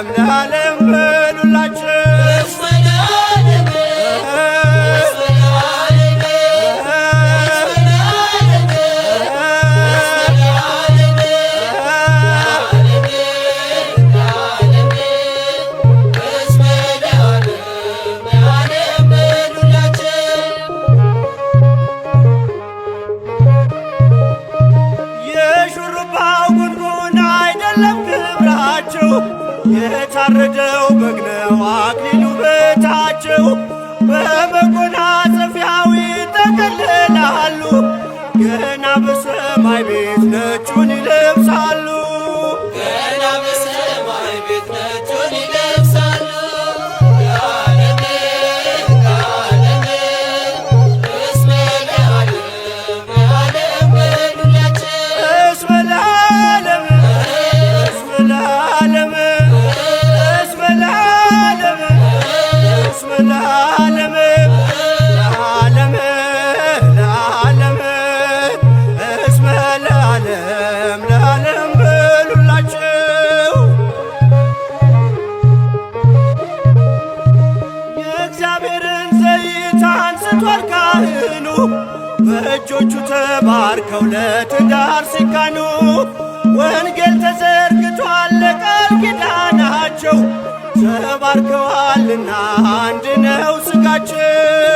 امن عليه አክሊሉ በታቸው በመጎናጸፊያው ይጠቀልላሉ። ተባርከው ለትዳር ሲካኑ ወንጌል ተዘርግቷል ለቃል ኪዳናቸው ተባርከዋልና አንድ ነው ሥጋችን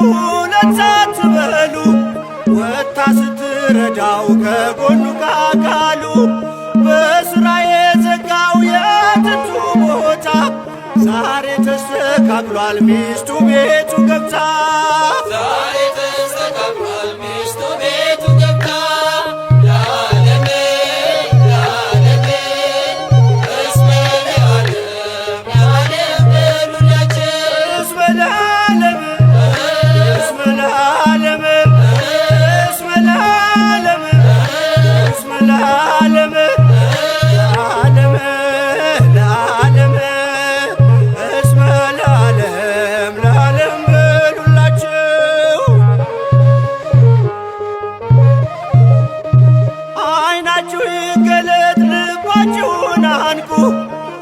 ሁለት ሳትበሉ ወታ ስትረዳው ከጎኑ ካካሉ በስራ የዘጋው የትቱ ቦታ ዛሬ ተስተካክሏል ሚስቱ ቤቱ ገብታ ለዓለም ለዓለም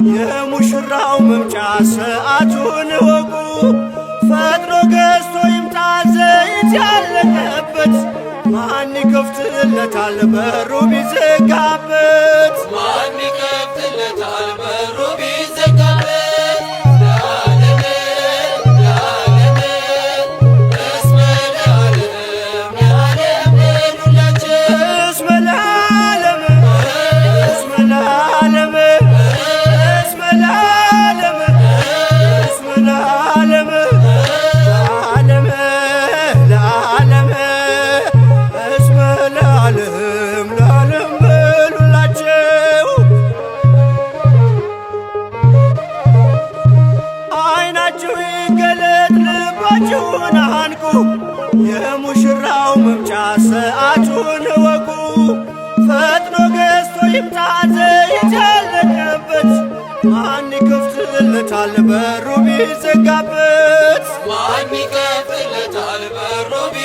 የሙሽራው መምጫ ሰዓቱን ወቁ ፈጥኖ ገዝቶ ይምጣ ዘይት ያለቀበት ማን ይከፍትለታል በሩ ቢዘጋበት ማን ይከፍትለታል በሩ ሰዓቱን አንቁ፣ የሙሽራው መምጫ ሰዓቱን እወቁ። ፈጥኖ ገዝቶ ይምጣ ዘይት ማን ይከፍትለታል በሩ ቢዘጋበት? ማን ይከፍትለታል በሩ